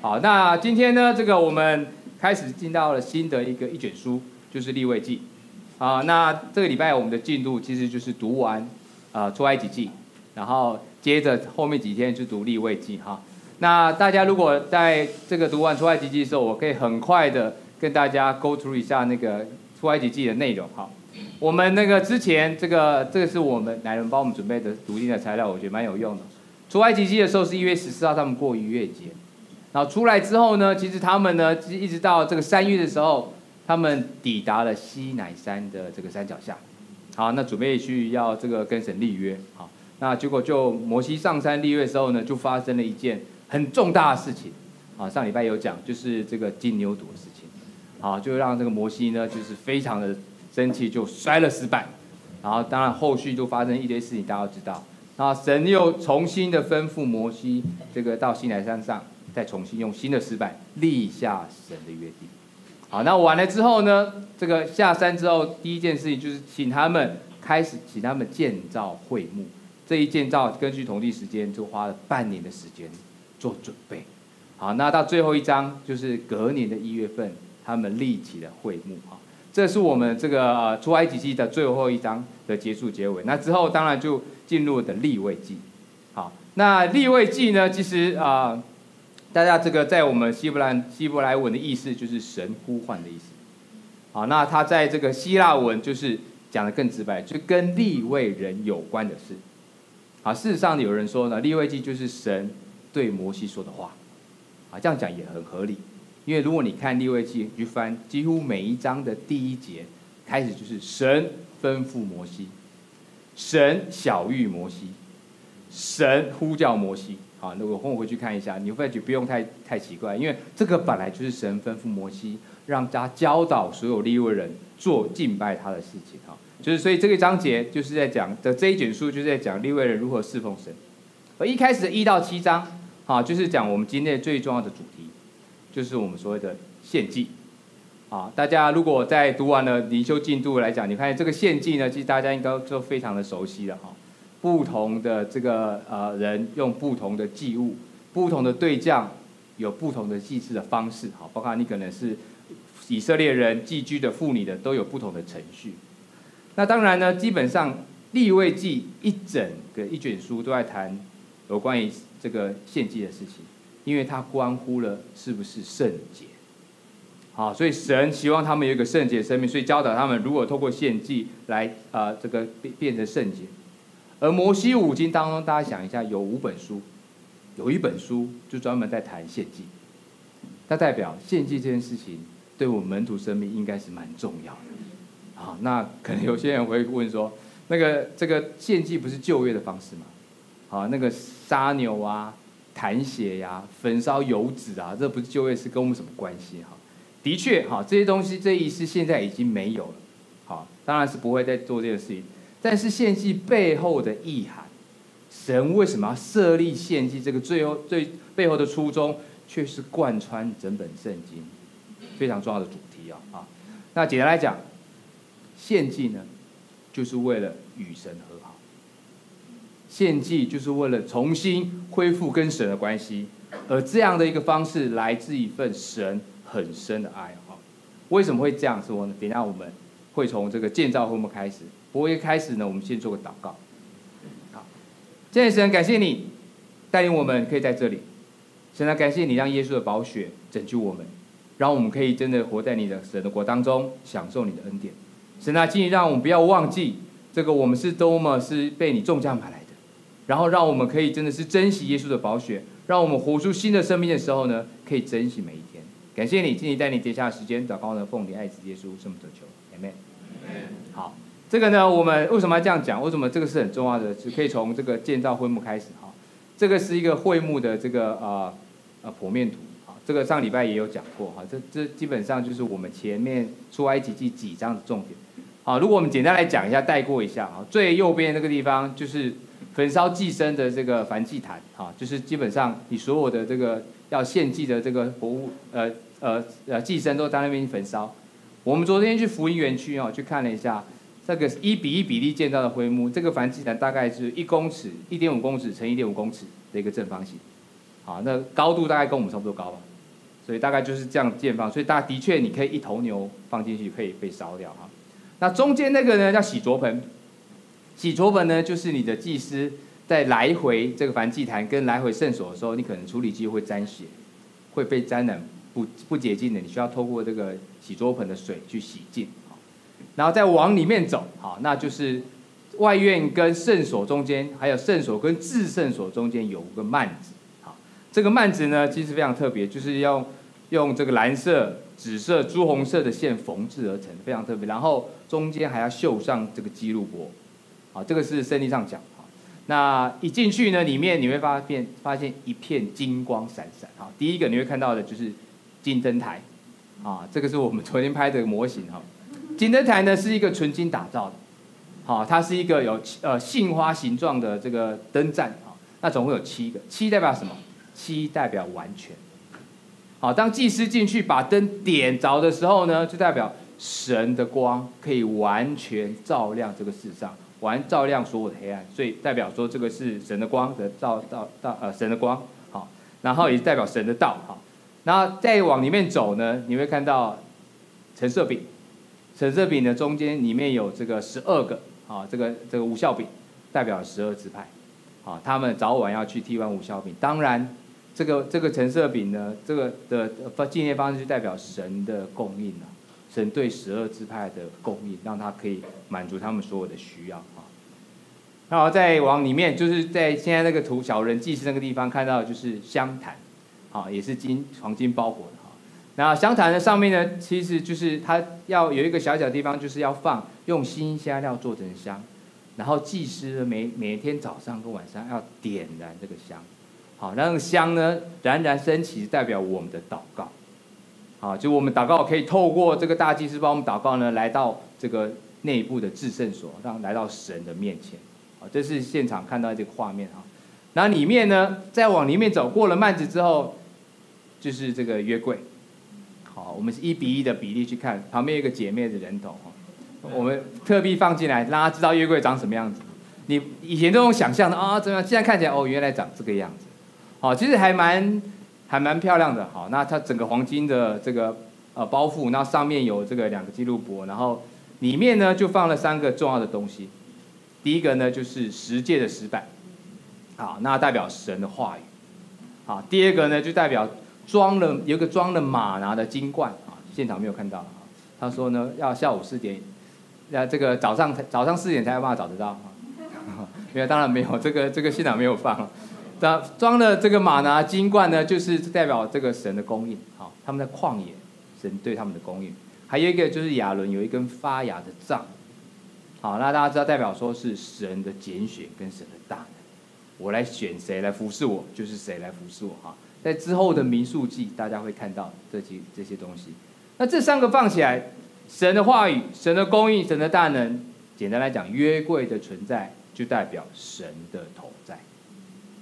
好，那今天呢，這個我們開始進到了新的一個一卷書，就是利未記。啊，那這個禮拜我們的進度其實就是讀完，呃，出埃及記，然後接着後面幾天去讀利未記哈。那大家如果在這個讀完出埃及記的時候，我可以很快的跟大家 go through 一下那個出埃及記的內容哈。我們那個之前這個，這個是我們來人幫我們準備的讀經的材料，我覺得蠻有用的。出埃及記的時候是一月十四號，他們過逾越節。然後出來之後呢，其實他們呢，一直到這個三月的時候，他們抵達了西奈山的這個山腳下。好，那準備去要這個跟神立約。好，那結果就摩西上山立約的時候呢，就發生了一件很重大的事情。啊，上禮拜有講，就是這個金牛犢的事情。好，就讓這個摩西呢，就是非常的生氣，就摔了石板。然後當然後續就發生一堆事情，你大家都知道。那神又重新的吩咐摩西，這個到西奈山上。再重新用新的石板立下神的約定。好，那完了之後呢，這個下山之後，第一件事情就是請他們開始請他們建造會幕。這一建造，根據統計時間，就花了半年的時間做準備。好，那到最後一章，就是隔年的一月份，他們立起了會幕啊。這是我們這個出埃及記的最後一章的結束結尾。那之後，當然就進入了的利未記。好，那利未記呢，其實啊。呃大家這個在我們希伯蘭希伯來文的意思就是神呼喚的意思，好，那他在這個希臘文就是講得更直白，就跟利未人有關的事，啊，事實上有人說呢，利未記就是神對摩西說的話，啊，這樣講也很合理，因為如果你看利未記一翻，幾乎每一章的第一節開始就是神吩咐摩西，神曉諭摩西，神呼叫摩西。好，那我跟我回去看一下。你不要不用太太奇怪，因為這個本來就是神吩咐摩西，讓他教導所有利未人做敬拜他的事情。哈，就是所以這個章節就是在講的這一卷書就是在講利未人如何侍奉神。而一開始的一到七章，啊，就是講我們今天最重要的主題，就是我們所謂的獻祭。啊，大家如果在讀完了靈修進度來講，你看這個獻祭呢，其實大家應該都非常的熟悉了哈。不同的這個呃人用不同的祭物，不同的對象，有不同的祭祀的方式。好，包括你可能是以色列人寄居的婦女的，都有不同的程序。那當然呢，基本上利未記一整個一卷書都在談有關於這個獻祭的事情，因為它關乎了是不是聖潔。好，所以神希望他們有一個聖潔的生命，所以教導他們如何透過獻祭來啊、呃、這個變變成聖潔。而摩西五經當中，大家想一下，有五本書，有一本書就專門在談獻祭，那代表獻祭這件事情，對我們門徒生命應該是蠻重要的。好，那可能有些人會問說，那個這個獻祭不是舊約的方式嗎？好，那個殺牛啊、彈血呀、啊、焚燒油脂啊，這不是舊約，是跟我們什麼關係？哈，的確，哈，這些東西這一世現在已經沒有了，好，當然是不會再做這件事情。但是獻祭背後的意涵，神為什麼要設立獻祭？這個最後最背後的初衷，卻是貫穿整本聖經非常重要的主題啊！啊，那簡單來講，獻祭呢，就是為了與神和好。獻祭就是為了重新恢復跟神的關係，而這樣的一個方式，來自一份神很深的愛好。為什麼會這樣說呢？等下我們會從這個建造會幕開始。不過一開始呢，我們先做個禱告。好，現在神感謝你帶領我們可以在這裡。神啊，感謝你讓耶穌的寶血拯救我們，讓我們可以真的活在你的神的國當中，享受你的恩典。神啊，請你讓我們不要忘記這個我們是多麼是被你重價買來的，然後讓我們可以真的是珍惜耶穌的寶血，讓我們活出新的生命的時候呢，可以珍惜每一天。感謝你，請你帶你接下來的時間，禱告呢奉你愛子耶穌，聖母的求 Amen 這個呢，我們為什麼要這樣講？為什麼這個是很重要的？是可以從這個建造會幕開始哈。這個是一個會幕的這個啊啊、呃、剖面圖啊。這個上禮拜也有講過哈。這這基本上就是我們前面出埃及記幾章的重點。好，如果我們簡單來講一下，帶過一下啊。最右邊那個地方就是焚燒祭牲的這個燔祭壇，就是基本上你所有的這個要獻祭的這個活物，呃呃呃祭牲都在那邊焚燒。我們昨天去福音園區哦，去看了一下。那個是一比一比例建造的會幕，這個燔祭壇大概是一公尺，一點五公尺乘一點五公尺的一個正方形，好，那高度大概跟我們差不多高吧？所以大概就是這樣建方。所以大家的確，你可以一頭牛放進去，可以被燒掉哈。那中間那個呢叫洗濯盆，洗濯盆呢就是你的祭司在來回這個燔祭壇跟來回聖所的時候，你可能處理機會沾血，會被沾染不不潔淨的，你需要透過這個洗濯盆的水去洗淨。然後再往裡面走，好，那就是外院跟聖所中間，還有聖所跟至聖所中間有個幔子，好，這個幔子呢其實非常特別，就是要用這個藍色、紫色、朱紅色的線縫製而成，非常特別。然後中間還要繡上這個基路伯，啊，這個是聖經上講，啊，那一進去呢，裡面你會發現發現一片金光閃閃，好，第一個你會看到的就是金燈台，啊，這個是我們昨天拍的模型，哈。金燈台呢是一個純金打造的，好，它是一個有呃杏花形狀的這個燈盞啊、哦，那總共有七個，七代表什麼？七代表完全，好、哦，當祭司進去把燈點着的時候呢，就代表神的光可以完全照亮這個世上，完照亮所有的黑暗，所以代表說這個是神的光的照照照，呃神的光好、哦，然後也代表神的道好，那、哦、再往裡面走呢，你會看到陳設餅。橙色餅的中間裡面有這個十二個，啊，這個這個無效餅，代表十二支派，啊，他們早晚要去替換無效餅。當然，這個這個橙色餅呢，這個的紀念方式就代表神的供應了，神對十二支派的供應，讓他可以滿足他們所有的需要啊。然後再往裡面，就是在現在那個圖小人祭祀那個地方看到，就是香壇，啊，也是金黃金包裹的。那香壇的上面呢，其實就是它要有一個小小的地方，就是要放用新香料做成香，然後祭司每每天早上跟晚上要點燃這個香，好，那個、香呢冉冉升起，代表我們的禱告，好，就我們禱告可以透過這個大祭司幫我們禱告呢，來到這個內部的至聖所，讓來到神的面前，好，這是現場看到的這個畫面啊，那裡面呢，再往裡面走，過了幔子之後，就是這個約櫃。我們是一比一的比例去看，旁邊有一個姐妹的人頭，我們特別放進來，讓他知道約櫃長什麼樣子。你以前都用想象的啊，這、哦、樣？現在看起來哦，原來長這個樣子，好，其實還蠻還蠻漂亮的。好，那它整個黃金的這個呃包覆，那上面有這個兩個記錄簿，然後裡面呢就放了三個重要的東西。第一個呢就是十誡的石板，好，那代表神的話語。好，第二個呢就代表。裝了有一個裝了馬拿的金冠，啊，現場沒有看到。他說呢，要下午四點，那這個早上早上四點才有辦法找得到，哈，沒有，當然沒有，這個這個現場沒有放。那裝了這個馬拿金冠呢，就是代表這個神的供應，好，他們在曠野，神對他們的供應。還有一個就是亞倫有一根發芽的杖，好，那大家知道代表說是神的揀選跟神的大能，我來選誰來服侍我，就是誰來服侍我哈。在之後的民數記，大家會看到這些這些東西。那這三個放起來，神的話語、神的公義、神的大能，簡單來講，約櫃的存在就代表神的同在。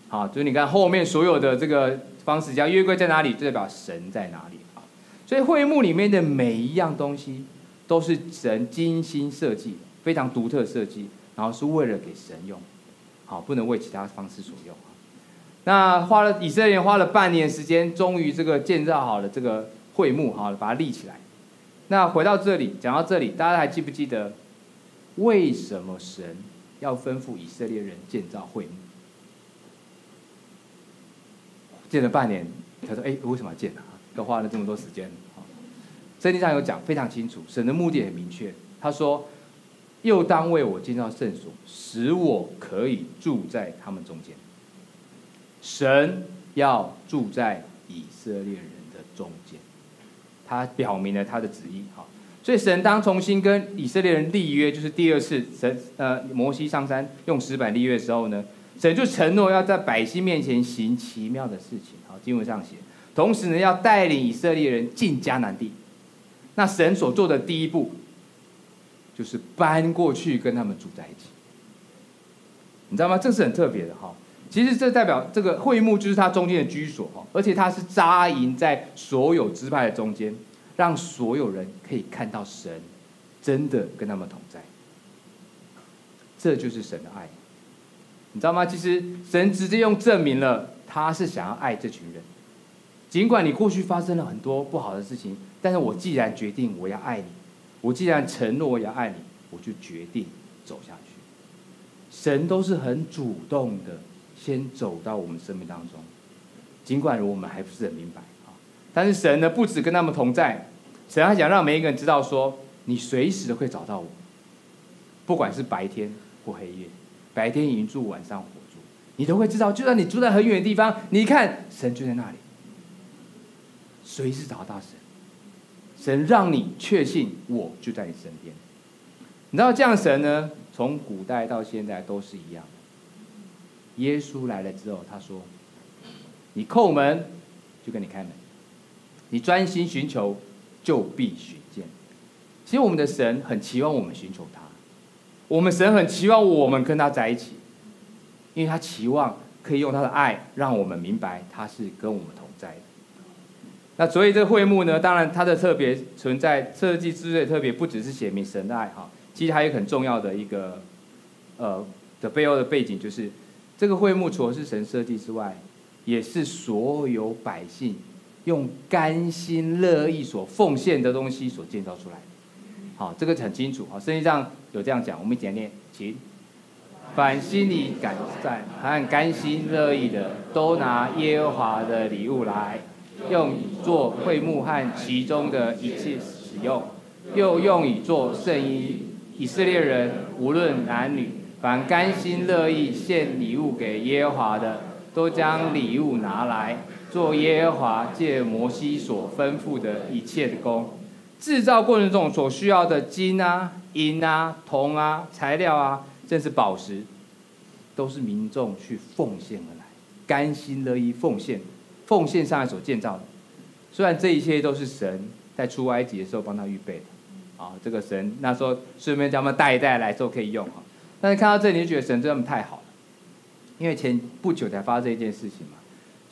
好，所以你看後面所有的這個方式講，叫約櫃在哪裡，就代表神在哪裡啊。所以會幕裡面的每一樣東西都是神精心設計，非常獨特設計，然後是為了給神用，好，不能為其他方式所用。那花了以色列人花了半年時間，終於這個建造好了這個會幕哈，把它立起來。那回到這裡，講到這裡，大家還記不記得，為什麼神要吩咐以色列人建造會幕？建了半年，他說：“哎，為什麼要建啊？都花了這麼多時間。”聖經上有講非常清楚，神的目的很明確。他說：“又當為我建造聖所，使我可以住在他們中間。”神要住在以色列人的中間，他表明了他的旨意。哈，所以神當重新跟以色列人立約，就是第二次神呃摩西上山用石板立約的時候呢，神就承諾要在百姓面前行奇妙的事情。好，經文上寫，同時呢要帶領以色列人進迦南地。那神所做的第一步，就是搬過去跟他們住在一起。你知道嗎？這是很特別的哈。其實這代表這個會幕就是他中間的居所，而且他是扎營在所有支派的中間，讓所有人可以看到神真的跟他們同在。這就是神的愛，你知道嗎？其實神直接用證明了他是想要愛這群人。儘管你過去發生了很多不好的事情，但是我既然決定我要愛你，我既然承諾我要愛你，我就決定走下去。神都是很主動的。先走到我們生命當中，儘管我們還不是很明白啊，但是神呢，不止跟他們同在，神還想讓每一個人知道說，你隨時都可以找到我，不管是白天或黑夜，白天雲柱，晚上火柱，你都會知道，就算你住在很遠的地方，你看，神就在那裡，隨時找到神，神讓你確信我就在你身邊，你知道這樣神呢，從古代到現在都是一樣。耶穌來了之後，他說：“你叩門，就跟你開門；你專心尋求，就必尋見。”其實我們的神很期望我們尋求他，我們神很期望我們跟他在一起，因為他期望可以用他的愛讓我們明白他是跟我們同在的。那所以這個會幕呢，當然它的特別存在設計之類特別，不只是寫明神的愛好，其實還有很重要的一個呃的背後的背景就是。這個會幕除了是神設計之外，也是所有百姓用甘心樂意所奉獻的東西所建造出來。好，這個很清楚。好，聖經上有這樣講，我們一起來念，請凡心裡感贊和甘心樂意的，都拿耶和華的禮物來，用以做會幕和其中的一切使用，又用以做聖衣。以色列人無論男女。凡甘心樂意獻禮物給耶和華的，都將禮物拿來做耶和華借摩西所吩咐的一切的工。製造過程中所需要的金啊、銀啊、銅啊、材料啊，甚至寶石，都是民眾去奉獻而來，甘心樂意奉獻，奉獻上來所建造的。雖然這一切都是神在出埃及的時候幫他預備的，啊，這個神那時候順便將他們帶一帶來，之後可以用哈。但是看到這裡，你覺得神真的太好了？因為前不久才發生一件事情嘛，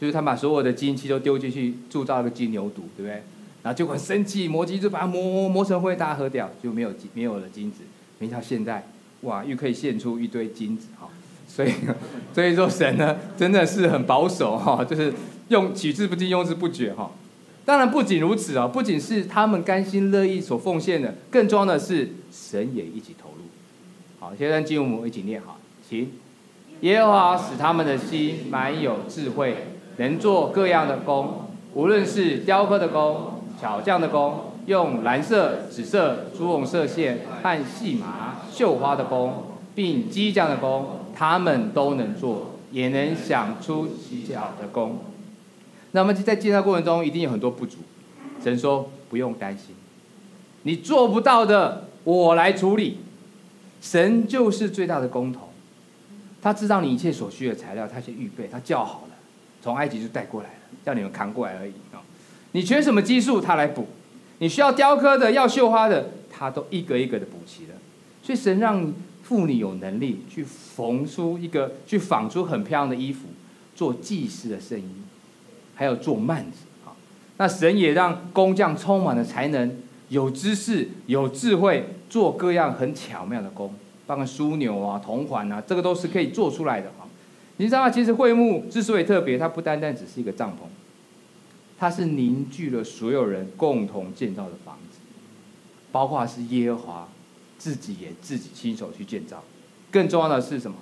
就是他把所有的金器都丟進去，鑄造一個金牛犢，對不對？然後就很生氣，磨機就把它磨磨成灰，大家喝掉就沒有金沒有了金子，沒想到現在哇，又可以獻出一堆金子哈！所以所以說神呢，真的是很保守哈，就是用取之不盡，用之不絕哈。當然不僅如此啊，不僅是他們甘心樂意所奉獻的，更重要的是神也一起投。好，現在進入我們一起念好，好，行，耶和華使他們的心滿有智慧，能做各樣的工，無論是雕刻的工，巧匠的工，用藍色、紫色、朱紅色線和細麻繡花的工，並機匠的工，他們都能做，也能想出奇巧的工。那麼在介紹過程中，一定有很多不足，神說不用擔心，你做不到的，我來處理。神就是最大的工頭，他知道你一切所需的材料，他去預備，他叫好了，從埃及就帶過來了，叫你們扛過來而已啊。你缺什麼技術，他來補；你需要雕刻的，要繡花的，他都一個一個的補齊了。所以神讓婦女有能力去縫出一個，去紡出很漂亮的衣服，做祭司的生意，還有做幔子啊。那神也讓工匠充滿了才能。有知識、有智慧，做各樣很巧妙的工，幫個樞紐啊、銅環啊，這個都是可以做出來的啊。你知道嗎？其實會幕之所以特別，它不單單只是一個帳篷，它是凝聚了所有人共同建造的房子。包括是耶和華自己也自己親手去建造。更重要的是什麼？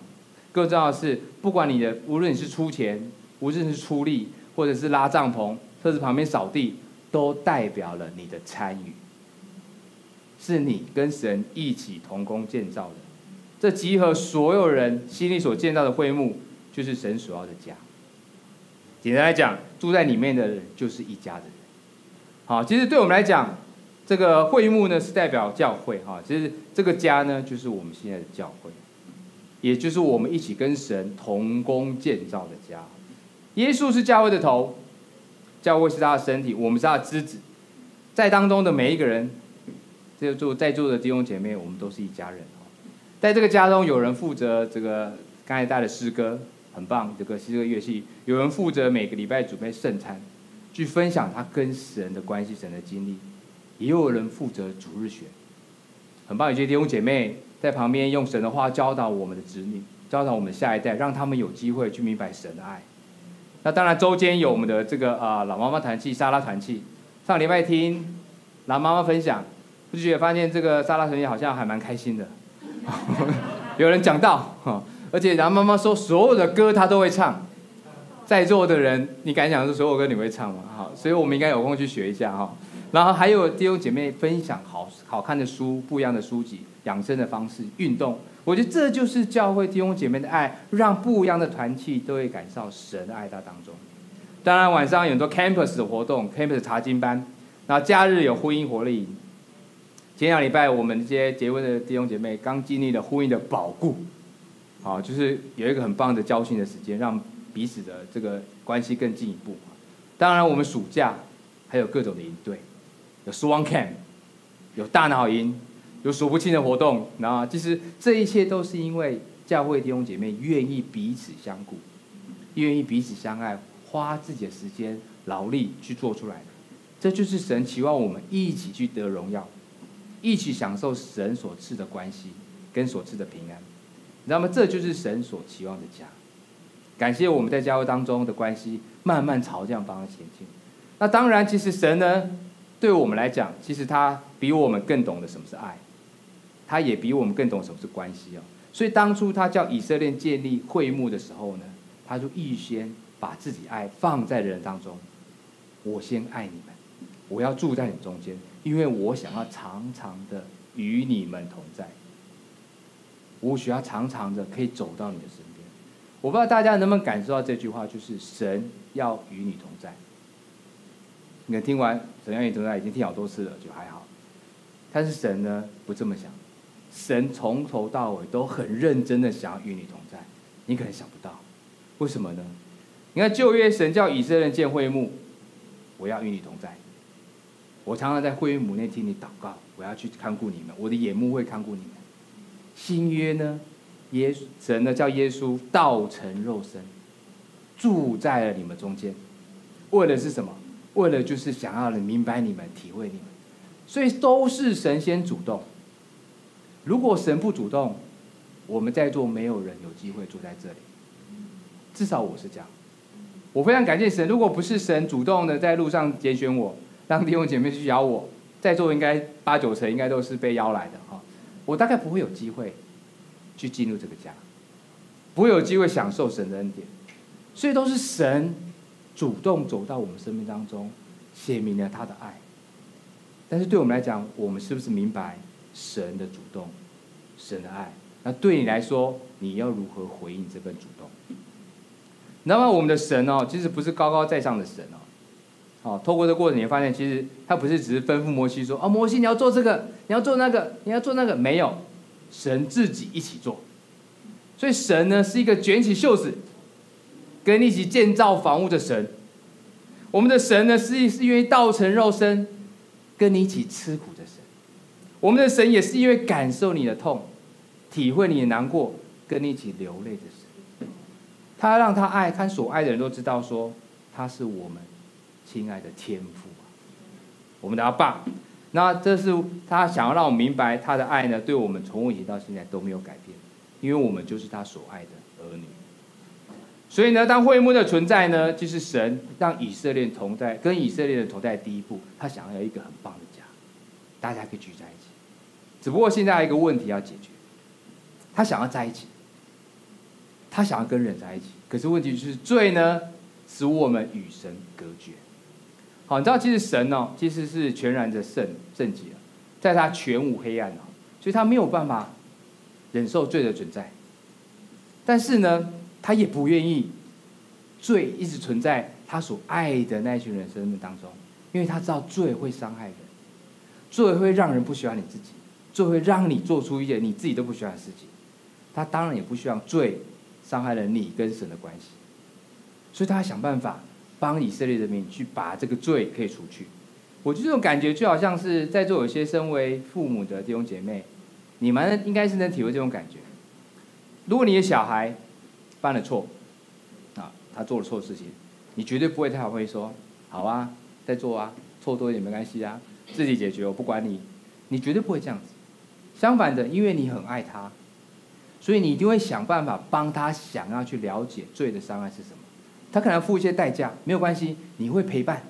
更重要的是，不管你的，無論你是出錢，無論是出力，或者是拉帳篷，特別旁邊掃地，都代表了你的參與。是你跟神一起同工建造的。這集合所有人心裡所建造的會幕，就是神所要的家。簡單來講，住在裡面的人就是一家的人。好，其實對我們來講，這個會幕呢是代表教會，哈，其實這個家呢就是我們現在的教會，也就是我們一起跟神同工建造的家。耶穌是教會的頭，教會是他的身體，我們是他的肢體，在當中的每一個人。就在座的弟兄姐妹，我們都是一家人。在這個家中，有人負責這個剛才帶的詩歌，很棒；這個詩歌、個樂器，有人負責每個禮拜準備聖餐，去分享他跟神的關係、神的經歷；也有人負責主日學，很棒。有些弟兄姐妹在旁邊用神的話教導我們的子女，教導我們下一代，讓他們有機會去明白神的愛。那當然，周間有我們的這個啊、呃，老媽媽團契，莎拉團契，上禮拜聽老媽媽分享。我就覺得發現這個沙拉神也好像還蠻開心的，有人講到哈，而且然後媽媽說所有的歌她都會唱，在座的人你敢想是所有歌你會唱嗎？好，所以我們應該有空去學一下哈。然後還有弟兄姐妹分享好好看的書、不一樣的書籍、養生的方式、運動。我覺得這就是教會弟兄姐妹的愛，讓不一樣的團契都會感受神的愛。他當中，當然晚上有很多 campus 的活動，campus 查經班，然後假日有婚姻活力。前兩禮拜，我們這些結婚的弟兄姐妹剛經歷了婚姻的保固，啊，就是有一個很棒的交心的時間，讓彼此的這個關係更進一步。當然，我們暑假還有各種的營隊，有 Swan Camp，有大腦營，有數不清的活動。啊，其實這一切都是因為教會弟兄姐妹願意彼此相顧，願意彼此相愛，花自己的時間、勞力去做出來的。這就是神期望我們一起去得榮耀。一起享受神所賜的關係跟所賜的平安，那麼這就是神所期望的家。感謝我們在教會當中的關係慢慢朝這樣方向前進。那當然，其實神呢對我們來講，其實他比我們更懂得什麼是愛，他也比我們更懂什麼是關係哦。所以當初他叫以色列建立會幕的時候呢，他就預先把自己愛放在人當中，我先愛你們，我要住在你們中間。因為我想要常常的與你們同在，我需要常常的可以走到你的身邊。我不知道大家能不能感受到這句話，就是神要與你同在。你看，聽完神要與你同在已經聽好多次了，就還好。但是神呢，不這麼想。神從頭到尾都很認真的想要與你同在。你可能想不到，為什麼呢？你看舊約，神叫以色列人建會幕，我要與你同在。我常常在會幕內聽你禱告，我要去看顧你們，我的眼目會看顧你們。新約呢，耶穌神呢，叫耶穌道成肉身，住在了你們中間，為了是什麼？為了就是想要明白你們、體會你們，所以都是神先主動。如果神不主動，我們在座沒有人有機會坐在這裡，至少我是這樣。我非常感謝神，如果不是神主動的在路上揀選我。當弟兄姐妹去邀我，在座應該八九成應該都是被邀來的哈，我大概不會有機會去進入這個家，不會有機會享受神的恩典，所以都是神主動走到我們生命當中，顯明了他的愛。但是對我們來講，我們是不是明白神的主動，神的愛？那對你來說，你要如何回應這份主動？那麼我們的神哦，其實不是高高在上的神哦。好，透過這個過程，你會發現其實他不是只是吩咐摩西說：“啊、哦，摩西，你要做這個，你要做那個，你要做那個。”沒有，神自己一起做。所以神呢，是一個捲起袖子跟你一起建造房屋的神。我們的神呢，是是因為道成肉身跟你一起吃苦的神。我們的神也是因為感受你的痛，體會你的難過，跟你一起流淚的神。他要讓他愛，看所愛的人都知道說，他是我們。親愛的天父，我們的阿爸，那這是他想要讓我明白他的愛呢，對我們從我以前到現在都沒有改變，因為我們就是他所愛的兒女。所以呢，當會幕的存在呢，就是神讓以色列同在，跟以色列人同在第一步，他想要有一個很棒的家，大家可以聚在一起。只不過現在有一個問題要解決，他想要在一起，他想要跟人在一起，可是問題就是罪呢，使我們與神隔絕。你知道，其實神哦，其實是全然的聖聖潔，在他全無黑暗哦，所以他沒有辦法忍受罪的存在。但是呢，他也不願意罪一直存在他所愛的那一群人生命當中，因為他知道罪會傷害人，罪會讓人不喜歡你自己，罪會讓你做出一些你自己都不喜歡的事情。他當然也不希望罪傷害了你跟神的關係，所以他要想辦法。幫以色列人民去把這個罪可以除去，我覺得這種感覺就好像是在座有些身為父母的弟兄姐妹，你們應該是能體會這種感覺。如果你的小孩犯了錯，啊，他做了錯事情，你絕對不會太會說，好啊，再做啊，錯多也沒關係啊，自己解決，我不管你，你絕對不會這樣子。相反的，因為你很愛他，所以你一定會想辦法幫他想要去了解罪的傷害是什麼。他可能付一些代價，沒有關係。你會陪伴，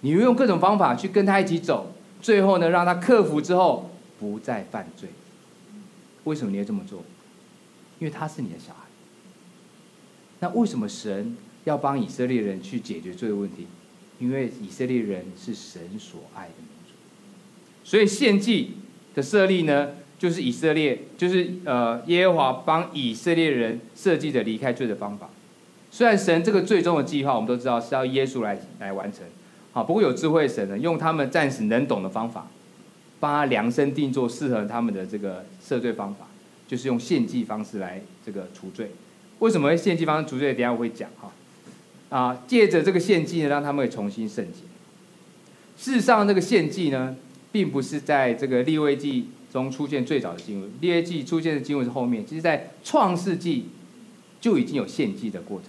你會用各種方法去跟他一起走。最後呢，讓他克服之後不再犯罪。為什麼你要這麼做？因為他是你的小孩。那為什麼神要幫以色列人去解決罪的問題？因為以色列人是神所愛的民族。所以獻祭的設立呢，就是以色列，就是呃耶和華幫以色列人設計的離開罪的方法。雖然神這個最終的計劃，我們都知道是要耶穌來來完成，好，不過有智慧神呢，用他們暫時能懂的方法，幫他量身定做適合他們的這個赦罪方法，就是用獻祭方式來這個除罪。為什麼會獻祭方式除罪？等一下我會講哈，啊，借着這個獻祭呢，讓他們會重新聖潔。事實上，這個獻祭呢，並不是在這個利未記中出現最早的經文，利未記出現的經文是後面，其實在創世紀就已經有獻祭的過程。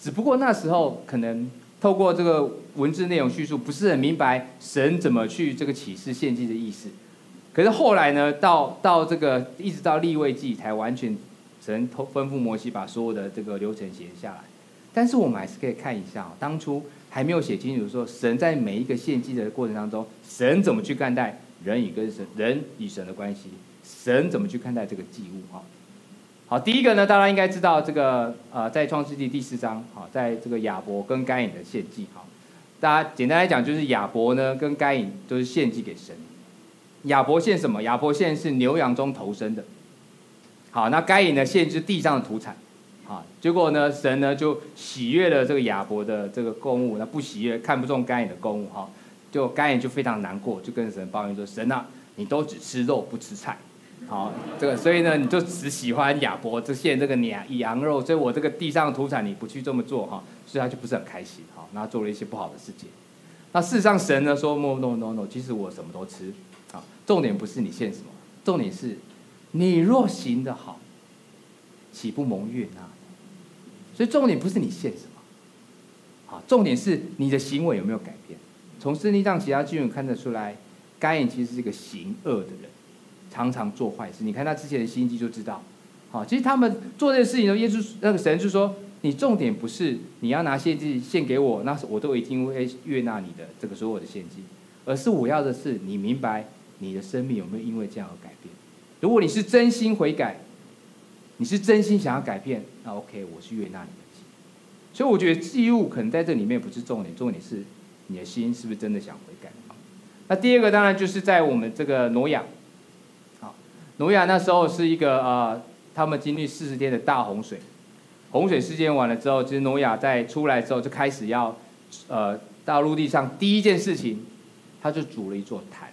只不過那時候可能透過這個文字內容敘述不是很明白神怎麼去這個啟示獻祭的意思，可是後來呢，到到這個一直到利未記才完全神吩咐摩西把所有的這個流程寫下來，但是我們還是可以看一下，當初還沒有寫清楚說神在每一個獻祭的過程當中，神怎麼去看待人與跟神人與神的關係，神怎麼去看待這個祭物哈。好，第一個呢，大家應該知道這個，呃，在創世紀第四章，好，在這個亞伯跟該隱的獻祭，好，大家簡單來講就是亞伯呢跟該隱都是獻祭給神，亞伯獻什麼？亞伯獻是牛羊中頭生的，好，那該隱呢獻是地上的土產，好，結果呢，神呢就喜悅了這個亞伯的這個供物，那不喜悅，看不中該隱的供物，哈，就該隱就非常難過，就跟神抱怨說：神啊，你都只吃肉不吃菜。好，這個所以呢，你就只喜歡亞伯只獻這個羊羊肉，所以我這個地上的土產你不去這麼做哈、哦，所以他就不是很開心，好、哦，那做了一些不好的事情。那事實上神呢說 no no no no，其實我什麼都吃，啊、哦，重點不是你獻什麼，重點是，你若行得好，豈不蒙悅納啊？所以重點不是你獻什麼，啊、哦，重點是你的行為有沒有改變？從聖經上其他經文看得出來，該隱其實是一個行惡的人。常常做壞事，你看他之前的心機就知道。好，其實他們做這些事情的時候，耶穌那個神就說：“你重點不是你要拿獻祭獻給我，那是我都一定會悅納你的這個所有的獻祭，而是我要的是你明白你的生命有沒有因為這樣而改變。如果你是真心悔改，你是真心想要改變，那 OK，我是悅納你的心。所以我覺得祭物可能在這裡面不是重點，重點是你的心是不是真的想悔改。那第二個當然就是在我們這個挪亞。”挪亞那時候是一個呃，他們經歷四十天的大洪水，洪水事件完了之後，其實挪亞在出來之後就開始要，呃，到陸地上第一件事情，他就築了一座壇，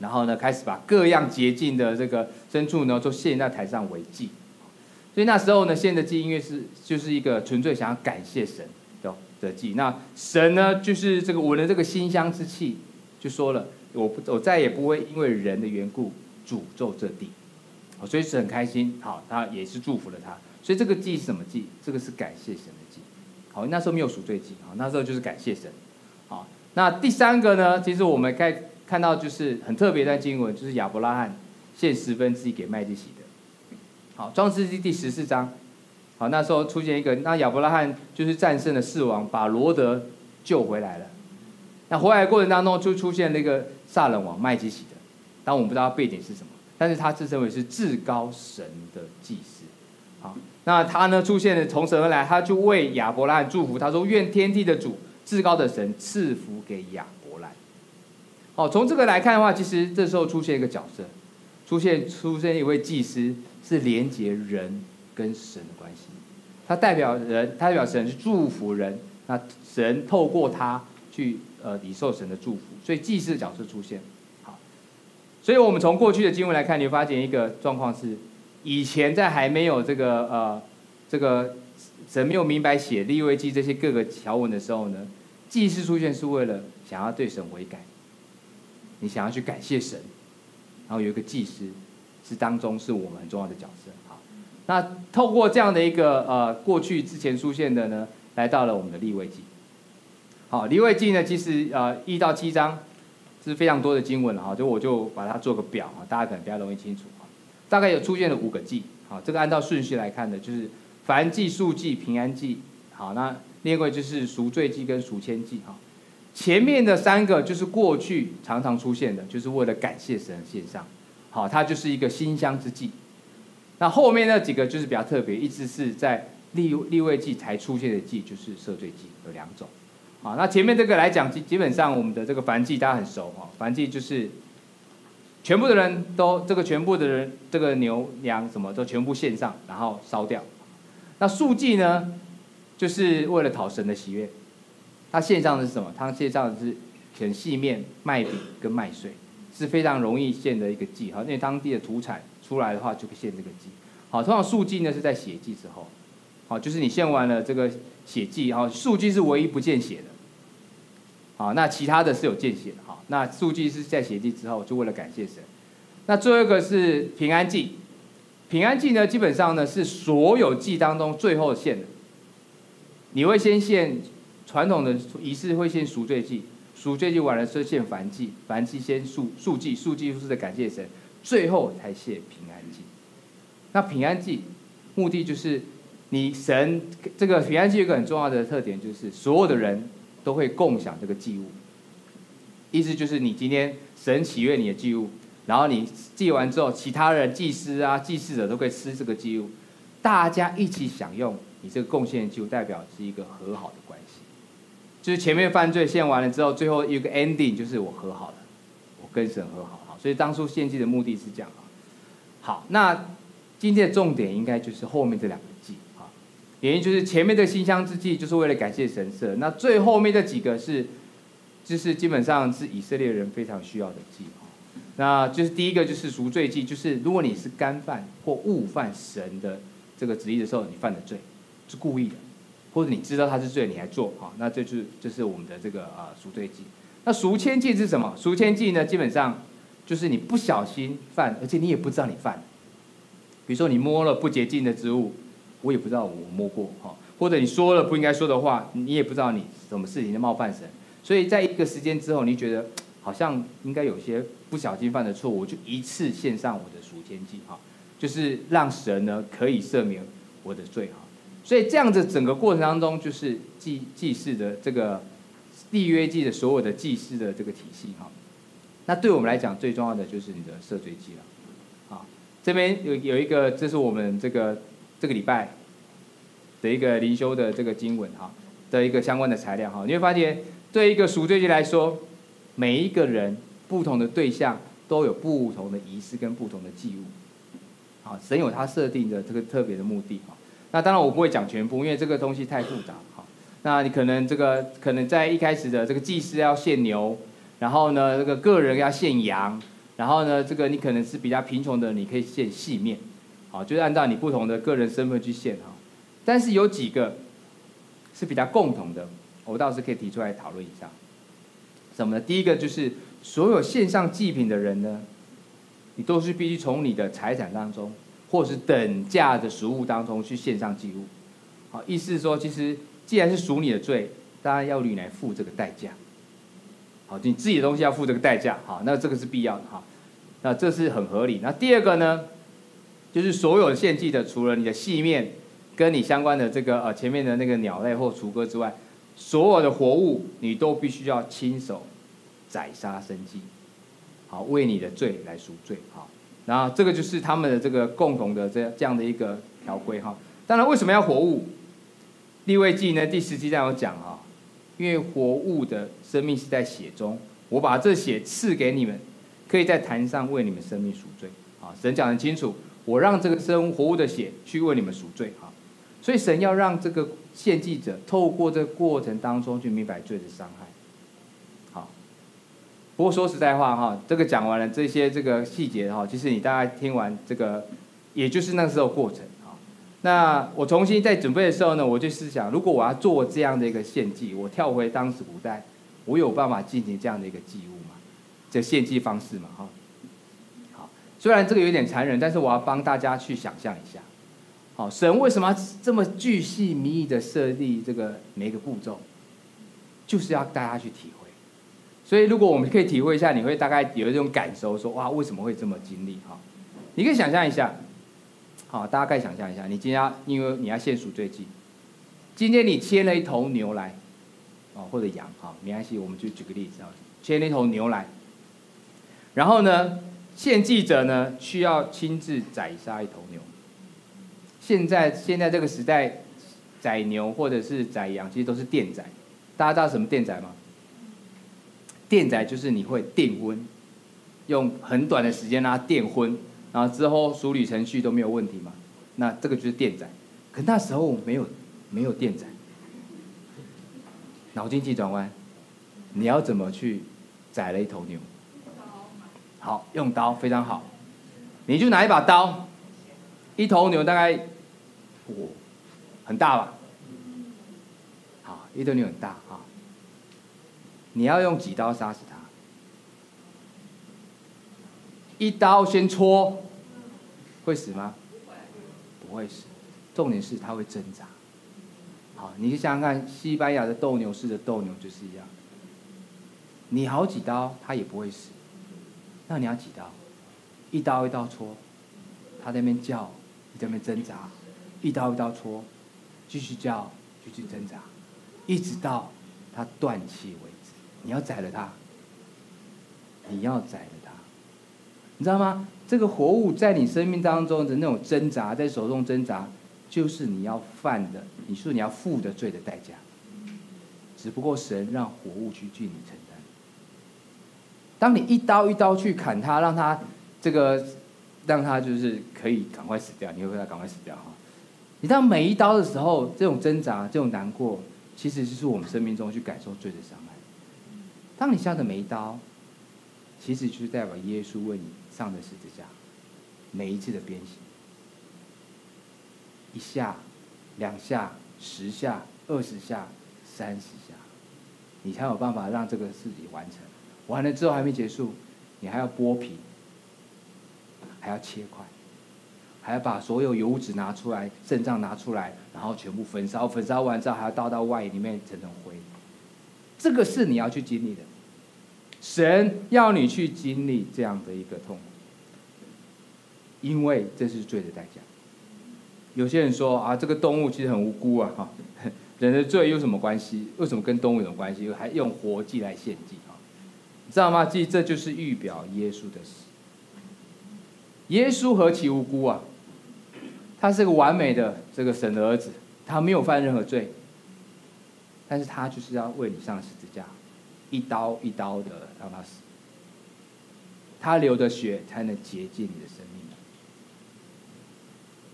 然後呢，開始把各樣潔淨的這個牲畜呢，都獻在台上為祭。所以那時候呢，獻的祭因為是就是一個純粹想要感謝神的的祭。那神呢，就是這個聞了這個馨香之氣，就說了：我不，我再也不會因為人的緣故。詛咒這地，所以是很開心。好，他也是祝福了他。所以這個祭是什麼祭？這個是感謝神的祭。好，那時候沒有贖罪祭。好，那時候就是感謝神。好，那第三個呢？其實我們該看到，就是很特別的經文，就是亞伯拉罕獻十分之一給麥基洗德。好，創世記第十四章。好，那時候出現一個，那亞伯拉罕就是戰勝了四王，把羅德救回來了。那回來的過程當中，就出現那個撒冷王麥基洗。但我們不知道背景是什麼，但是他自稱為是至高神的祭司，好，那他呢出現了從神而來，他就為亞伯蘭祝福，他說，願天地的主至高的神賜福給亞伯蘭。哦，從這個來看的話，其實這時候出現一個角色，出現出現一位祭司，是連接人跟神的關係，他代表人，他代表神去祝福人，那神透過他去呃領受神的祝福，所以祭司的角色出現。所以，我們從過去的經文來看，你會發現一個狀況是：以前在還沒有這個呃，這個神沒有明白寫利未記這些各個條文的時候呢，祭司出現是為了想要對神委改，你想要去感謝神，然後有一個祭司是當中是我們很重要的角色。好，那透過這樣的一個呃過去之前出現的呢，來到了我們的利未記。好，利未記呢，其實呃一到七章。是非常多的經文哈，就我就把它做個表啊，大家可能比較容易清楚啊。大概有出現了五個祭，好，這個按照順序來看的，就是燔祭、素祭、平安祭，好，那另外就是贖罪祭跟贖愆祭哈。前面的三個就是過去常常出現的，就是為了感謝神的獻上，好，它就是一個馨香之祭。那後面那幾個就是比較特別，一直是在利未、利未記才出現的祭，就是赦罪祭有兩種。好，那前面這個來講，基基本上我們的這個燔祭，大家很熟哦，燔祭就是全部的人都這個全部的人這個牛羊什麼，都全部獻上，然後燒掉。那素祭呢，就是為了討神的喜悅，他獻上的是什麼？他獻上的是很細麵、麥餅跟麥穗，是非常容易獻的一個祭哈，因為當地的土產出來的話，就會獻這個祭。好，通常素祭呢是在血祭之後，好，就是你獻完了這個血祭，然後素祭是唯一不見血的。好，那其他的是有見血的，好，那素祭是在血祭之後，就為了感謝神。那最後一個是平安祭，平安祭呢，基本上呢是所有祭當中最後獻的。你會先獻傳統的儀式，會獻贖罪祭，贖罪祭完了，是獻燔祭，燔祭先素素祭，素祭就是在感謝神，最後才獻平安祭。那平安祭目的就是你神這個平安祭有一個很重要的特點，就是所有的人。都會共享這個祭物，意思就是你今天神喜悅你的祭物，然後你祭完之後，其他人祭司啊、祭祀者都可以吃這個祭物，大家一起享用你這個貢獻，就代表是一個和好的關係。就是前面犯罪獻完了之後，最後一個 ending 就是我和好了，我跟神和好。所以當初獻祭的目的是這樣。好，那今天的重點應該就是後面這兩個。原因就是前面的馨香之祭就是為了感謝神社。那最後面這幾個是，就是基本上是以色列人非常需要的祭。那就是第一個就是贖罪祭，就是如果你是干犯或誤犯神的這個旨意的時候，你犯的罪是故意的，或者你知道他是罪你還做啊，那這、就是這、就是我們的這個啊贖罪祭。那贖愆祭是什麼？贖愆祭呢，基本上就是你不小心犯，而且你也不知道你犯。比如說你摸了不潔淨的植物。我也不知道我摸過哈，或者你說了不應該說的話，你也不知道你什麼事情的冒犯神，所以在一個時間之後，你覺得好像應該有些不小心犯的錯誤，我就一次獻上我的贖愆祭。哈，就是讓神呢可以赦免我的罪哈。所以這樣子整個過程當中，就是祭祭祀的這個締約祭的所有的祭祀的這個體系哈。那對我們來講最重要的就是你的赦罪祭了，啊，這邊有有一個，這是我們這個。這個禮拜的一個靈修的這個經文哈，的一個相關的材料哈，你會發現對一個贖罪祭來說，每一個人不同的對象都有不同的儀式跟不同的祭物。好，神有他設定的這個特別的目的好，那當然我不會講全部，因為這個東西太複雜，好，那你可能這個可能在一開始的這個祭司要獻牛，然後呢這個個人要獻羊，然後呢這個你可能是比較貧窮的，你可以獻細麵。好，就是按照你不同的個人身份去獻哈，但是有幾個是比較共同的，我倒是可以提出來討論一下，什麼呢？第一個就是所有獻上祭品的人呢，你都是必須從你的財產當中，或是等價的食物當中去獻上祭物。好，意思是說，其實既然是贖你的罪，當然要你來付這個代價。好，就你自己的東西要付這個代價，好，那這個是必要的哈，那這是很合理。那第二個呢？就是所有的獻祭的，除了你的細麵，跟你相關的這個呃，前面的那個鳥類或雛鴿之外，所有的活物你都必須要親手宰殺生祭，好為你的罪來贖罪好，然後這個就是他們的這個共同的這樣這樣的一個條規哈。當然為什麼要活物？利未記呢？第十七章有講哈，哦，因為活物的生命是在血中，我把這血賜給你們，可以在壇上為你們生命贖罪。啊，神講得很清楚。我讓這個生物活物的血去為你們贖罪哈，所以神要讓這個獻祭者透過這個過程當中去明白罪的傷害。好，不過說實在話哈，這個講完了這些這個細節哈，其實你大概聽完這個，也就是那時候過程哈，那我重新在準備的時候呢，我就思想，如果我要做這樣的一個獻祭，我跳回當時古代，我有辦法進行這樣的一個祭物嘛？這獻祭方式嘛哈？雖然這個有點殘忍，但是我要幫大家去想象一下，好，神為什麼要這麼巨細靡遺的設立這個每一個步驟，就是要大家去體會。所以如果我們可以體會一下，你會大概有一種感受說，說哇，為什麼會這麼經歷哈？你可以想象一下，好，大概想象一下，你今天因為你要獻贖罪祭，今天你牽了一頭牛來，哦或者羊哈，沒關係，我們就舉個例子啊，牽了一頭牛來，然後呢？獻祭者呢，需要親自宰殺一頭牛。現在，現在這個時代，宰牛或者是宰羊，其實都是電宰。大家知道什麼電宰嗎？電宰就是你會電溫，用很短的時間讓它電昏，然後之後處理程序都沒有問題嘛。那這個就是電宰。可那時候沒有沒有電宰。腦筋急轉彎，你要怎麼去宰了一頭牛？好，用刀非常好，你就拿一把刀，一頭牛大概，五，很大吧，好，一頭牛很大啊，你要用幾刀殺死它？一刀先戳，會死嗎？不會死，重點是它會掙扎。好，你想想看，西班牙的鬥牛士的鬥牛就是一樣，你好幾刀，它也不會死。那你要幾刀？一刀一刀戳，他在那邊叫，你在那邊掙扎，一刀一刀戳，繼續叫，繼續掙扎，一直到他斷氣為止。你要宰了他，你要宰了他，你知道嗎？這個活物在你生命當中的那種掙扎，在手中掙扎，就是你要犯的，你，就是你要負的罪的代價。只不過神讓活物去替你承擔。當你一刀一刀去砍他，讓他這個讓他就是可以趕快死掉，你會不會讓他趕快死掉哈。你當每一刀的時候，這種掙扎、這種難過，其實就是我們生命中去感受罪的傷害。當你下的每一刀，其實就是代表耶穌為你上的十字架，每一次的鞭刑。一下、兩下、十下、二十下、三十下，你才有辦法讓這個事情完成。完了之後還沒結束，你還要剝皮，還要切塊，還要把所有油脂拿出來，腎臟拿出來，然後全部焚燒，焚燒完之後還要倒到外裡面成成灰。這個是你要去經歷的，神要你去經歷這樣的一個痛苦，因為這是罪的代價。有些人說啊，這個動物其實很無辜啊，哈，人的罪有什麼關係？為什麼跟動物有什麼關係？還用活祭來獻祭？知道嗎？其實這就是預表耶穌的死。耶穌何其無辜啊！他是個完美的這個神的兒子，他沒有犯任何罪，但是他就是要為你上十字架，一刀一刀的讓他死。他流的血才能潔淨你的生命。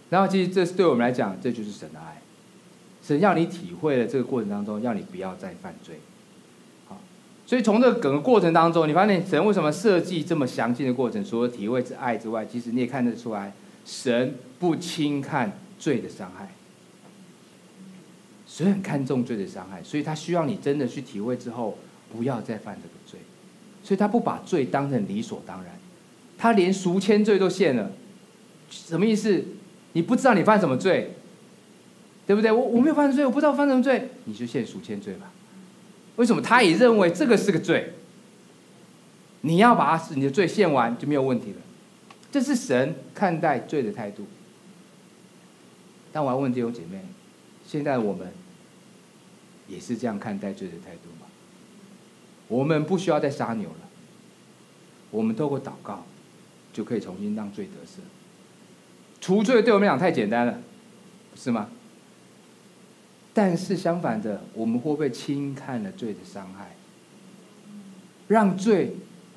然後，其實這是對我們來講，這就是神的愛，神要你體會了這個過程當中，要你不要再犯罪。所以從這個整個過程當中，你發現神為什麼設計這麼詳盡的過程？除了體會之愛之外，其實你也看得出來，神不輕看罪的傷害，神很看重罪的傷害，所以他需要你真的去體會之後，不要再犯這個罪。所以他不把罪當成理所當然，他連贖愆祭都獻了，什麼意思？你不知道你犯什麼罪，對不對？我我沒有犯什麼罪，我不知道我犯什麼罪，你就獻贖愆祭吧。為什麼他也認為這個是個罪？你要把你的罪獻完就沒有問題了。這是神看待罪的態度。但我要問弟兄姐妹：現在我們也是這樣看待罪的態度嗎？我們不需要再殺牛了。我們透過禱告就可以重新讓罪得赦，除罪對我們來講太簡單了，是嗎？但是相反的，我們會不會輕看了罪的傷害，讓罪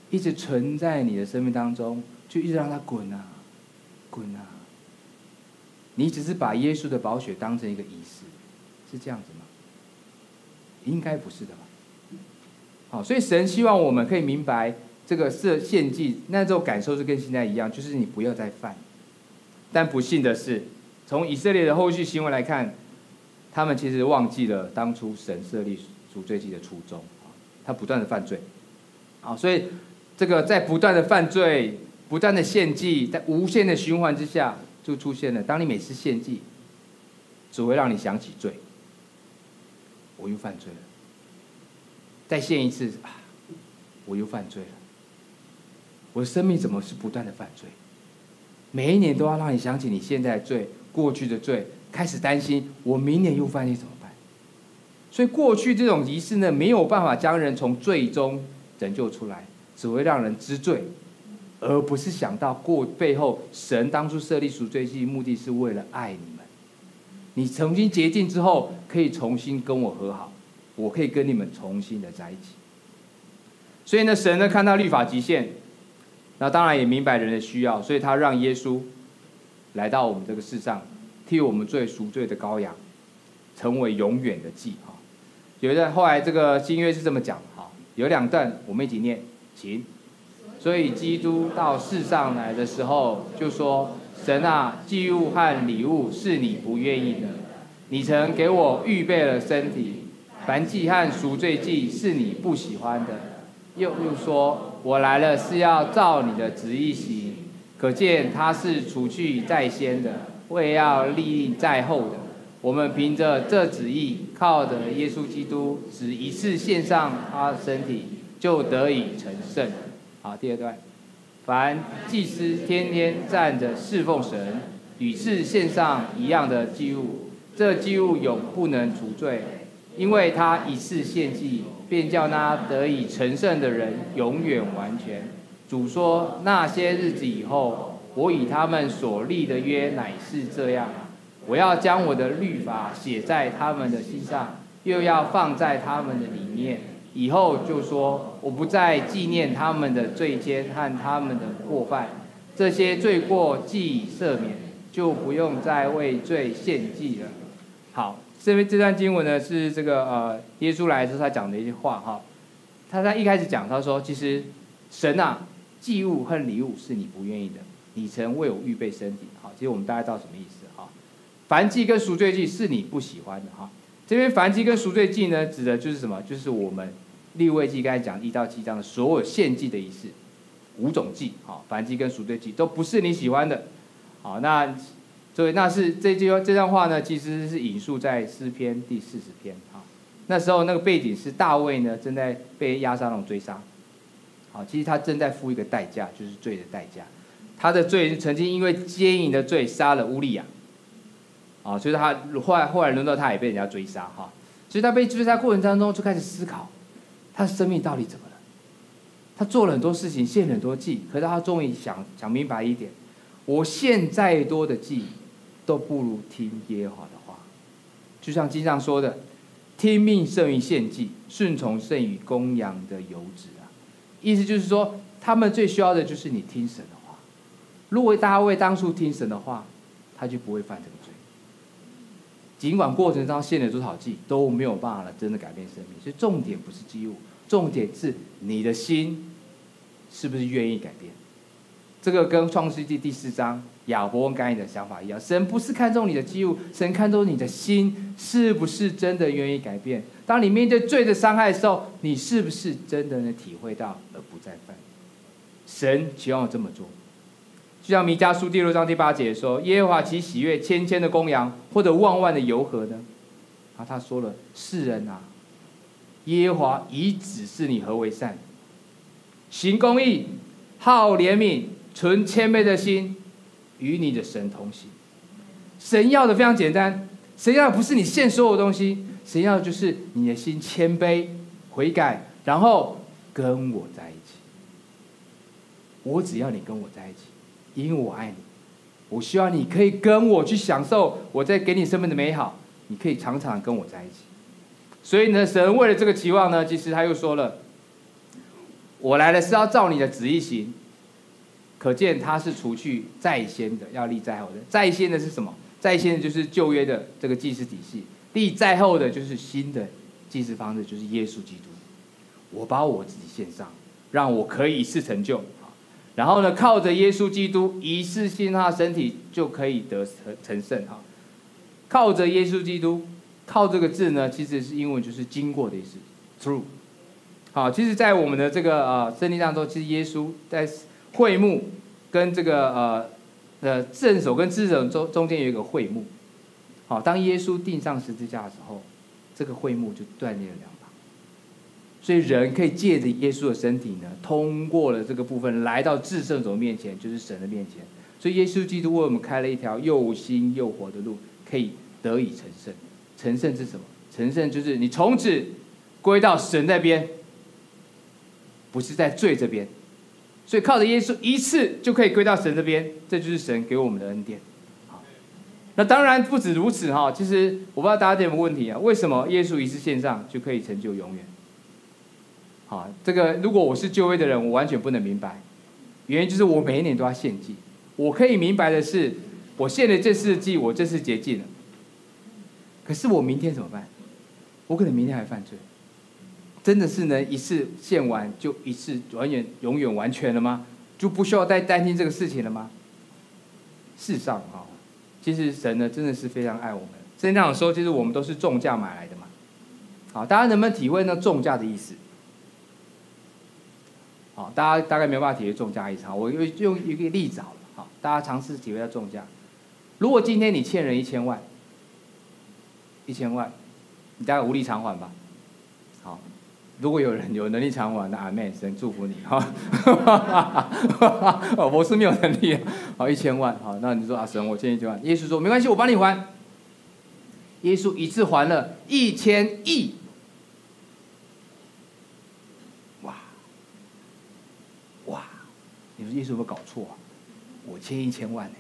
一直存在你的生命當中，就一直讓它滾啊，滾啊！你只是把耶穌的寶血當成一個儀式，是這樣子嗎？應該不是的吧。好，所以神希望我們可以明白這個是獻祭，那這種感受是跟現在一樣，就是你不要再犯。但不幸的是，從以色列的後續行為來看。他們其實忘記了當初神設立贖罪祭的初衷，他不斷的犯罪，啊，所以這個在不斷的犯罪、不斷的獻祭，在無限的循環之下，就出現了。當你每次獻祭，只會讓你想起罪，我又犯罪了，再獻一次，我又犯罪了，我的生命怎麼是不斷的犯罪？每一年都要讓你想起你現在的罪、過去的罪。開始擔心，我明年又犯罪怎麼辦？所以過去這種儀式呢，沒有辦法將人從罪中拯救出來，只會讓人知罪，而不是想到過背後神當初設立贖罪祭，目的是為了愛你們。你曾經潔淨之後，可以重新跟我和好，我可以跟你們重新的在一起。所以呢，神呢看到律法極限，那當然也明白人的需要，所以他讓耶穌來到我們這個世上。替我們最贖罪的羔羊，成為永遠的祭啊！有一段後來這個新約是這麼講哈，有兩段我們一起念，請。所以基督到世上來的時候就說：“神啊，祭物和禮物是你不願意的，你曾給我預備了身體，燔祭和贖罪祭是你不喜歡的。”又又說：“我來了是要照你的旨意行。”可見他是除去在先的。為要立定在後的，我們憑着這旨意，靠着耶穌基督只一次獻上他的身體，就得以成聖。好，第二段，凡祭司天天站着侍奉神，屢次獻上一樣的祭物，這祭物永不能除罪，因為他一次獻祭，便叫那得以成聖的人永遠完全。主說那些日子以後。我與他們所立的約乃是這樣，我要將我的律法寫在他們的心上，又要放在他們的裡面。以後就說，我不再紀念他們的罪愆和他們的過犯，這些罪過既已赦免，就不用再為罪獻祭了。好，這邊這段經文呢是這個呃，耶穌來的時候他講的一些話哈。他在一開始講，他說其實神啊，祭物和禮物是你不願意的。你曾為我預備身體，好，其實我們大概知道什麼意思，哈。燔祭跟贖罪祭是你不喜歡的，哈。這邊燔祭跟贖罪祭呢，指的就是什麼？就是我們利未記剛才講一到七章的所有獻祭的儀式，五種祭，哈。燔祭跟贖罪祭都不是你喜歡的，好。那所以那是這句話這段話呢，其實是引述在詩篇第四十篇，哈。那時候那個背景是大衛呢，正在被押沙龍追殺，好，其實他正在付一個代價，就是罪的代價。他的罪是曾經因為奸淫的罪殺了烏利亞，啊，所以他後來後來輪到他也被人家追殺哈。所以他被追殺過程當中就開始思考，他的生命到底怎麼了？他做了很多事情，獻了很多祭，可是他終於想想明白一點，我獻再多的祭，都不如聽耶和華的話。就像經常說的：“聽命勝於獻祭，順從勝於公羊的油脂啊。”意思就是說，他們最需要的就是你聽神哦。如果大衛當初聽神的話，他就不會犯這個罪。儘管過程中獻了多少祭，都沒有辦法了，真的改變生命。所以重點不是祭物，重點是你的心，是不是願意改變？這個跟創世記第四章亞伯跟該隱的想法一樣。神不是看重你的祭物，神看重你的心是不是真的願意改變。當你面對罪的傷害的時候，你是不是真的能體會到而不再犯？神希望我這麼做。就像彌迦書第六章第八節說：“耶和華豈喜悅千千的公羊，或者萬萬的油河呢？”啊，他說了：“世人啊，耶和華已指示你何為善，行公義，好憐憫，存謙卑的心，與你的神同行。神要的非常簡單，神要的不是你獻所有東西，神要的就是你的心謙卑、悔改，然後跟我在一起。我只要你跟我在一起。”因為我愛你，我希望你可以跟我去享受我在給你生命的美好，你可以常常跟我在一起。所以呢，神為了這個期望呢，其實他又說了：“我來了是要照你的旨意行。”可見他是除去在先的，要立在後的。在先的是什麼？在先的就是舊約的這個祭祀體系；立在後的就是新的祭祀方式，就是耶穌基督。我把我自己獻上，讓我可以是成就。然後呢，靠着耶穌基督一次性，信他的身體就可以得成成聖哈。靠着耶穌基督，靠這個字呢，其實是英文就是經過的意思，through。好 True，其實，在我們的這個呃聖經當中，其實耶穌在會幕跟這個呃呃聖所跟至聖所中中間有一個會幕。好，當耶穌釘上十字架的時候，這個會幕就斷裂了。所以人可以借着耶穌的身體呢，通過了這個部分來到至聖者面前，就是神的面前。所以耶穌基督為我們開了一條又新又活的路，可以得以成聖。成聖是什麼？成聖就是你從此歸到神那邊，不是在罪這邊。所以靠着耶穌一次就可以歸到神這邊，這就是神給我們的恩典。好，那當然不止如此哈。其實我不知道大家有沒有問題啊？為什麼耶穌一次獻上就可以成就永遠？啊，這個，如果我是舊約的人，我完全不能明白。原因就是我每一年都要獻祭。我可以明白的是，我獻了這次祭，我這次潔淨了。可是我明天怎麼辦？我可能明天還犯罪。真的是能一次獻完就一次，永遠永遠完全了嗎？就不需要再擔心這個事情了嗎？事實上，其實神呢真的是非常愛我們。聖經上說，其實我們都是重價買來的嘛。好，大家能不能體會那重價的意思？好，大家大概沒有辦法體會重價異常，我用用一個例子好了，好，大家嘗試體會一下重價。如果今天你欠人一千萬，一千萬，你大概無力償還吧？好，如果有人有能力償還，那阿們，神祝福你哈。哈哈哈哈哈！哦， 我是沒有能力。好，一千萬，好，那你說阿、啊、神，我欠一千萬，耶穌說沒關係，我幫你還。耶穌一次還了一千億。你的意思有沒有搞錯啊？我欠一千萬呢，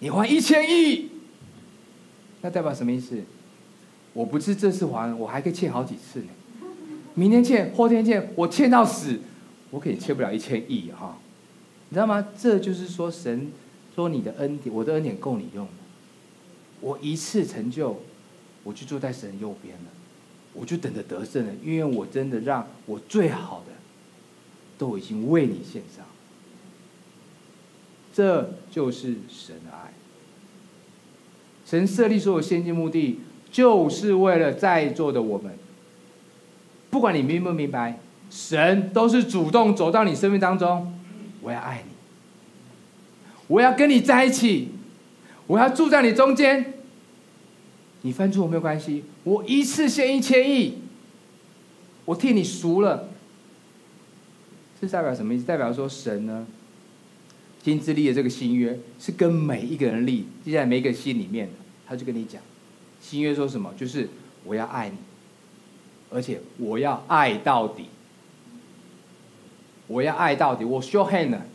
你還一千億，那代表什麼意思？我不是這次還，我還可以欠好幾次呢。明天欠，後天欠，我欠到死，我肯定欠不了一千億哈、啊。你知道嗎？這就是說神，神說你的恩典，我的恩典夠你用的。我一次成就，我就坐在神右邊了，我就等着得勝了，因為我真的讓我最好的都已經為你獻上。這就是神的愛。神設立所有獻祭目的，就是為了在座的我們。不管你明不明白，神都是主動走到你生命當中。我要愛你，我要跟你在一起，我要住在你中間。你犯錯沒有關係，我一次獻一千億，我替你贖了。這代表什麼意思？代表說神呢？親自立的這個新約是跟每一個人立，記在每一個人心裡面的。他就跟你講，新約說什麼？就是我要愛你，而且我要愛到底。我要愛到底，我 show hand 了，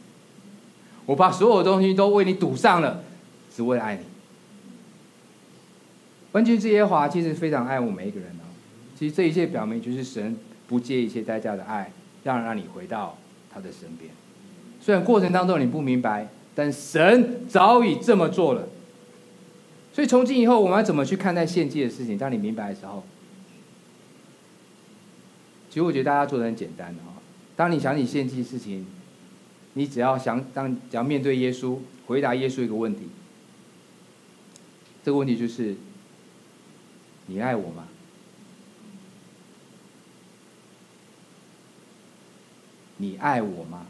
我把所有東西都為你賭上了，只為了愛你。完全是耶和華，其實非常愛我們每一個人，啊，其實這一切表明，就是神不借一切代價的愛，讓人讓你回到他的身邊。雖然過程當中你不明白，但神早已這麼做了。所以從今以後，我們要怎麼去看待獻祭的事情？當你明白的時候，其實我覺得大家做得很簡單啊、哦。當你想起獻祭的事情，你只要想當只要面對耶穌，回答耶穌一個問題。這個問題就是：你愛我嗎？你愛我嗎？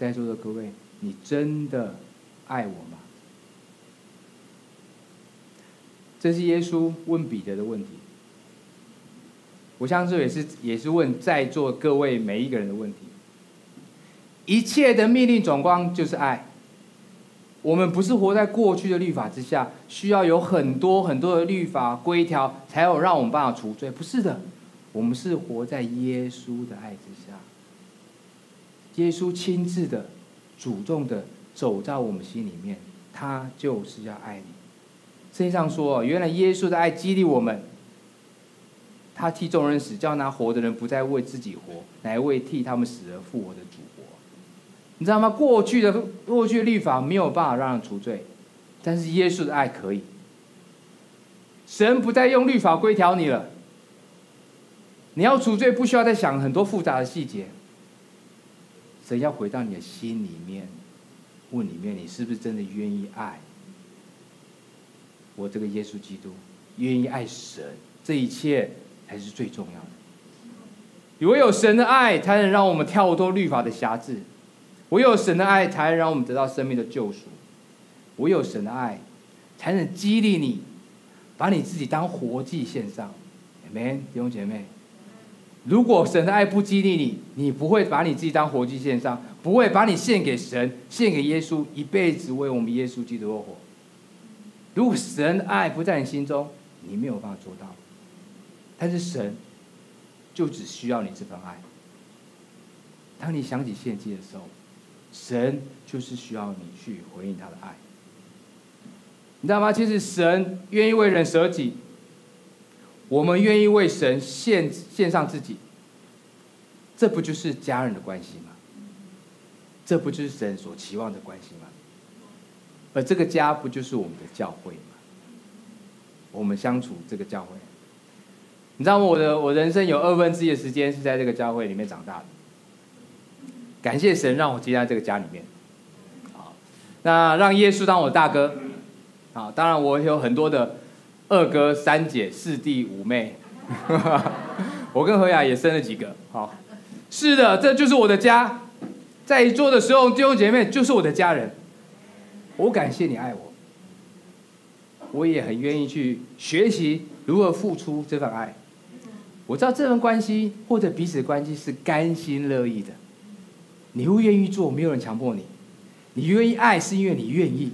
在座的各位，你真的愛我嗎？這是耶穌問彼得的問題。我相信這也是也是問在座各位每一個人的問題。一切的命令總綱就是愛。我們不是活在過去的律法之下，需要有很多很多的律法規條，才有讓我們辦法除罪。不是的，我們是活在耶穌的愛之下。耶穌親自的、主動的走在我們心裡面，他就是要愛你。聖經上說：“原來耶穌的愛激勵我們，他替眾人死，叫那活的人不再為自己活，來為替他們死而復活的主活。”你知道嗎？過去的過去的律法沒有辦法讓人贖罪，但是耶穌的愛可以。神不再用律法規條你了，你要贖罪不需要再想很多複雜的細節。誰要回到你的心裡面，問裡面你是不是真的願意愛我這個耶穌基督，願意愛神，這一切才是最重要的。唯有神的愛，才能讓我們跳脫律法的轄制；唯有神的愛，才能讓我們得到生命的救贖；唯有神的愛，才能激勵你把你自己當活祭獻上。Amen，弟兄姐妹。如果神的愛不激勵你，你不會把你自己當活祭獻上，不會把你獻給神、獻給耶穌，一輩子為我們耶穌基督而活。如果神的愛不在你心中，你沒有辦法做到。但是神就只需要你這份愛。當你想起獻祭的時候，神就是需要你去回應他的愛。你知道嗎？其實神願意為人捨己。我們願意為神獻獻上自己，這不就是家人的關係嗎？這不就是神所期望的關係嗎？而這個家不就是我們的教會嗎？我們相處這個教會，你知道嗎？我的我人生有二分之一的時間是在這個教會裡面長大的，感謝神讓我接在這個家裡面。好，那讓耶穌當我大哥。好，當然我有很多的。二哥、三姐、四弟、五妹， 我跟何雅也生了幾個。好，是的，這就是我的家。在座的時候，弟兄姐妹就是我的家人。我感謝你愛我，我也很願意去學習如何付出這份愛。我知道這份關係或者彼此關係是甘心樂意的，你會願意做，沒有人強迫你。你願意愛是因為你願意。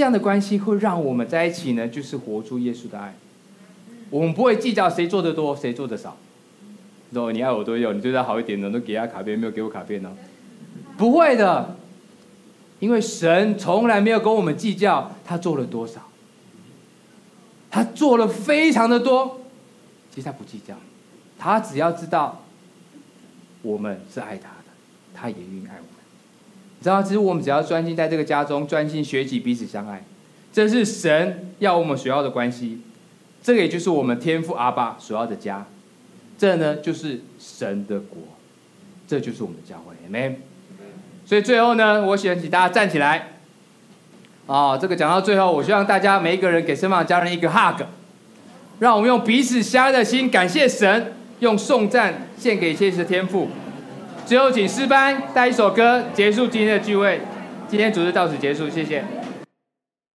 這樣的關係會讓我們在一起呢，就是活出耶穌的愛。我們不會計較誰做的多，誰做的少。哦、no,，你愛我多久，你對他好一點呢，都給他卡片，沒有給我卡片呢？嗯、不會的，因為神從來沒有跟我們計較，他做了多少，他做了非常的多。其實他不計較，他只要知道我們是愛他的，他也願意愛我。知道，其實我們只要專心在這個家中，專心學習彼此相愛，這是神要我們所要的關係。這個也就是我們天父阿爸所要的家。這呢，就是神的國，這就是我們的教會。Amen。所以最後呢，我選請大家站起來。哦，這個講到最後，我希望大家每一個人給身旁的家人一個 Hug。讓我們用彼此相愛的心，感謝神，用頌讚獻給謝謝的天父。最後，請詩班帶一首歌結束今天的聚會。今天主持到此結束，謝謝。